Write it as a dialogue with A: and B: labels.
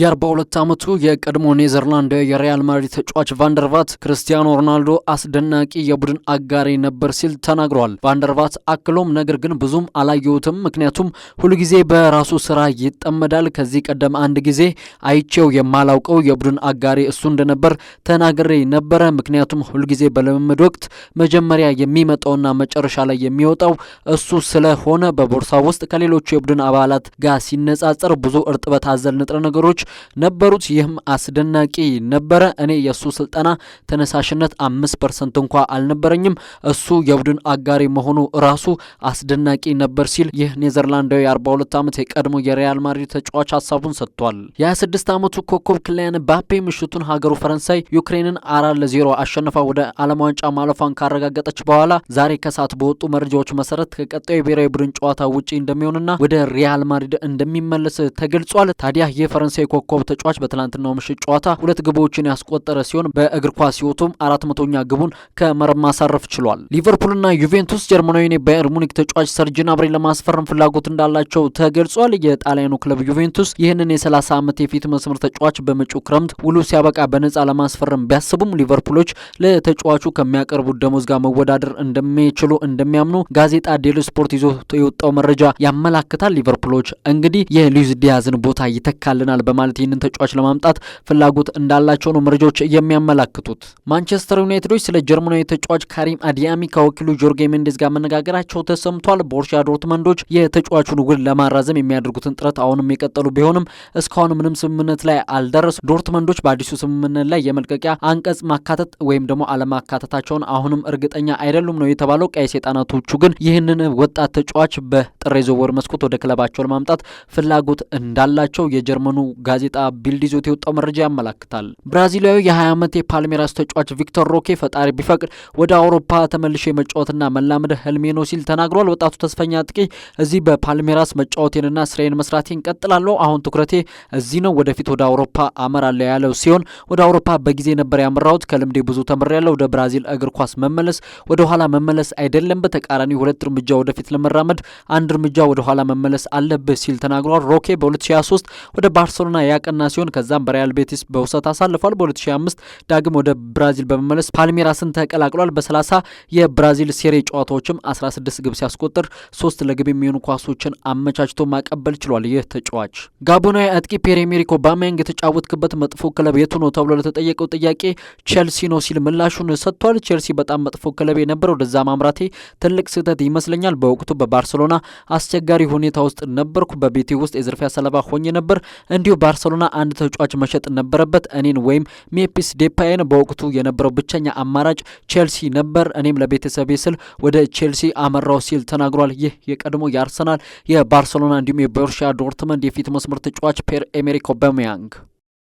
A: የ42 ዓመቱ የቀድሞ ኔዘርላንዳዊ የሪያል ማድሪድ ተጫዋች ቫንደርቫት ክርስቲያኖ ሮናልዶ አስደናቂ የቡድን አጋሪ ነበር ሲል ተናግሯል። ቫንደርቫት አክሎም ነገር ግን ብዙም አላየሁትም፣ ምክንያቱም ሁልጊዜ በራሱ ስራ ይጠመዳል። ከዚህ ቀደም አንድ ጊዜ አይቼው የማላውቀው የቡድን አጋሪ እሱ እንደነበር ተናግሬ ነበረ። ምክንያቱም ሁልጊዜ በልምምድ ወቅት መጀመሪያ የሚመጣውና መጨረሻ ላይ የሚወጣው እሱ ስለሆነ በቦርሳ ውስጥ ከሌሎቹ የቡድን አባላት ጋር ሲነጻጸር ብዙ እርጥበት አዘል ንጥረ ነገሮች ነበሩት። ይህም አስደናቂ ነበረ። እኔ የእሱ ስልጠና ተነሳሽነት አምስት ፐርሰንት እንኳ አልነበረኝም። እሱ የቡድን አጋሪ መሆኑ ራሱ አስደናቂ ነበር ሲል ይህ ኔዘርላንዳዊ የአርባ ሁለት ዓመት የቀድሞ የሪያል ማድሪድ ተጫዋች ሀሳቡን ሰጥቷል። የ26 ዓመቱ ኮከብ ክሊያን ባፔ ምሽቱን ሀገሩ ፈረንሳይ ዩክሬንን አራት ለዜሮ አሸንፋ ወደ ዓለም ዋንጫ ማለፏን ካረጋገጠች በኋላ ዛሬ ከሰዓት በወጡ መረጃዎች መሰረት ከቀጣዩ ብሔራዊ ቡድን ጨዋታ ውጪ እንደሚሆንና ወደ ሪያል ማድሪድ እንደሚመለስ ተገልጿል። ታዲያ የፈረንሳይ ኮከብ ተጫዋች በትላንትናው ምሽት ጨዋታ ሁለት ግቦችን ያስቆጠረ ሲሆን በእግር ኳስ ህይወቱም አራት መቶኛ ግቡን ከመረብ ማሳረፍ ችሏል። ሊቨርፑልና ዩቬንቱስ ጀርመናዊን የባየር ሙኒክ ተጫዋች ሰርጅን አብሬ ለማስፈረም ፍላጎት እንዳላቸው ተገልጿል። የጣሊያኑ ክለብ ዩቬንቱስ ይህንን የ30 ዓመት የፊት መስመር ተጫዋች በመጪው ክረምት ውሉ ሲያበቃ በነፃ ለማስፈረም ቢያስቡም ሊቨርፑሎች ለተጫዋቹ ከሚያቀርቡት ደሞዝ ጋር መወዳደር እንደሚችሉ እንደሚያምኑ ጋዜጣ ዴሎ ስፖርት ይዞ የወጣው መረጃ ያመላክታል። ሊቨርፑሎች እንግዲህ የሉዊስ ዲያዝን ቦታ ይተካልናል በማለት ማለት ይህንን ተጫዋች ለማምጣት ፍላጎት እንዳላቸው ነው መረጃዎች የሚያመላክቱት። ማንቸስተር ዩናይትዶች ስለ ጀርመናዊ ተጫዋች ካሪም አዲያሚ ከወኪሉ ጆርጌ ሜንዴዝ ጋር መነጋገራቸው ተሰምቷል። ቦርሻ ዶርትመንዶች የተጫዋቹን ውል ለማራዘም የሚያደርጉትን ጥረት አሁንም የቀጠሉ ቢሆንም እስካሁን ምንም ስምምነት ላይ አልደረሱ። ዶርትመንዶች በአዲሱ ስምምነት ላይ የመልቀቂያ አንቀጽ ማካተት ወይም ደግሞ አለማካተታቸውን አሁንም እርግጠኛ አይደሉም ነው የተባለው። ቀይ ሰይጣናቶቹ ግን ይህንን ወጣት ተጫዋች በጥር የዝውውር መስኮት ወደ ክለባቸው ለማምጣት ፍላጎት እንዳላቸው የጀርመኑ ጋዜጣ ቢልድ ይዞት የወጣው መረጃ ያመላክታል። ብራዚላዊ የ20 ዓመት የፓልሜራስ ተጫዋች ቪክተር ሮኬ ፈጣሪ ቢፈቅድ ወደ አውሮፓ ተመልሾ የመጫወትና መላመድ ህልሜ ነው ሲል ተናግሯል። ወጣቱ ተስፈኛ አጥቂ እዚህ በፓልሜራስ መጫወቴንና ስራዬን መስራቴን ቀጥላለሁ። አሁን ትኩረቴ እዚህ ነው። ወደፊት ወደ አውሮፓ አመራለሁ ያለው ሲሆን ወደ አውሮፓ በጊዜ ነበር ያመራሁት። ከልምዴ ብዙ ተምሬያለሁ። ወደ ብራዚል እግር ኳስ መመለስ ወደ ኋላ መመለስ አይደለም፣ በተቃራኒ ሁለት እርምጃ ወደፊት ለመራመድ አንድ እርምጃ ወደ ኋላ መመለስ አለብህ ሲል ተናግሯል። ሮኬ በ2023 ወደ ባርሴሎና ያቀና ሲሆን ከዛም በሪያል ቤቲስ በውሰት አሳልፏል። በ2005 ዳግም ወደ ብራዚል በመመለስ ፓልሜራስን ተቀላቅሏል። በ30 የብራዚል ሴሬ ጨዋታዎችም 16 ግብ ሲያስቆጥር ሶስት ለግብ የሚሆኑ ኳሶችን አመቻችቶ ማቀበል ችሏል። ይህ ተጫዋች ጋቦናዊ አጥቂ ፒየር ኤሜሪክ ኦባሜያንግ የተጫወትክበት መጥፎ ክለብ የቱ ነው ተብሎ ለተጠየቀው ጥያቄ ቼልሲ ነው ሲል ምላሹን ሰጥቷል። ቼልሲ በጣም መጥፎ ክለብ የነበረው ወደዛ ማምራቴ ትልቅ ስህተት ይመስለኛል። በወቅቱ በባርሴሎና አስቸጋሪ ሁኔታ ውስጥ ነበርኩ። በቤቴ ውስጥ የዝርፊያ ሰለባ ሆኜ ነበር። እንዲሁ ባርሰሎና አንድ ተጫዋች መሸጥ ነበረበት። እኔን ወይም ሜፒስ ዴፓይን በወቅቱ የነበረው ብቸኛ አማራጭ ቼልሲ ነበር። እኔም ለቤተሰቤ ስል ወደ ቼልሲ አመራው ሲል ተናግሯል። ይህ የቀድሞ የአርሰናል የባርሰሎና እንዲሁም የቦሩሲያ ዶርትመንድ የፊት መስመር ተጫዋች ፔር ኤሜሪክ አውባሜያንግ